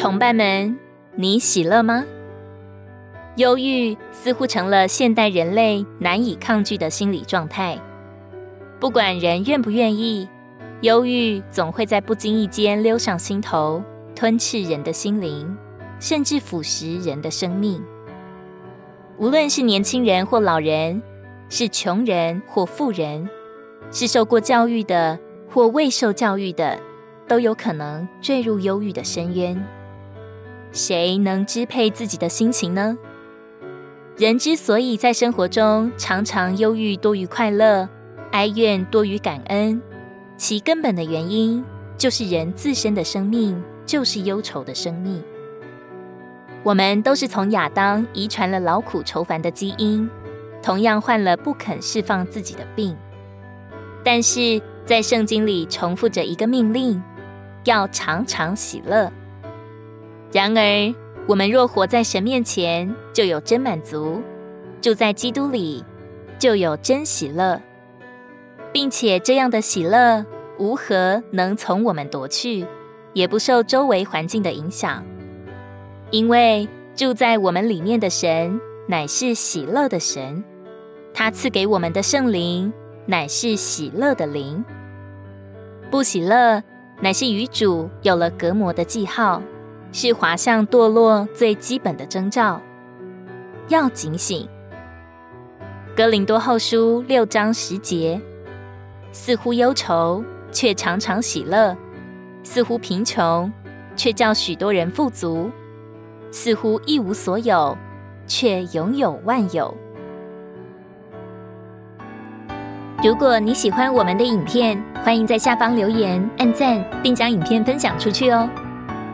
同伴們，你喜樂嗎？憂鬱似乎成了現代人類難以抗拒的心理狀態。不管人願不願意，憂鬱總會在不經意間溜上心頭，吞噬人的心靈，甚至腐蝕人的生命。無論是年輕人或老人，是窮人或富人，是受過教育的或未受教育的，都有可能墜入憂鬱的深淵。誰能支配自己的心情呢？人之所以在生活中常常憂鬱多於快樂，哀怨多於感恩，其根本的原因就是人自身的生命就是憂愁的生命。我們都是從亞當遺傳了勞苦愁煩的基因，同樣患了不肯釋放自己的病。但是在聖經裡重複着一個命令：要常常喜樂。然而，我們若活在神面前，就有真滿足；住在基督裡，就有真喜樂，並且這樣的喜樂無何能從我們奪去，也不受周圍環境的影響，因為住在我們裡面的神乃是喜樂的神，他賜給我們的聖靈乃是喜樂的靈。不喜樂，乃是與主有了隔膜的記號。是滑向墮落最基本的徵兆，要警醒。哥林多後書六章十節，似乎憂愁，卻常常喜樂；似乎貧窮，卻叫許多人富足；似乎一無所有，卻擁有萬有。如果你喜歡我們的影片，歡迎在下方留言、按讚，並將影片分享出去哦。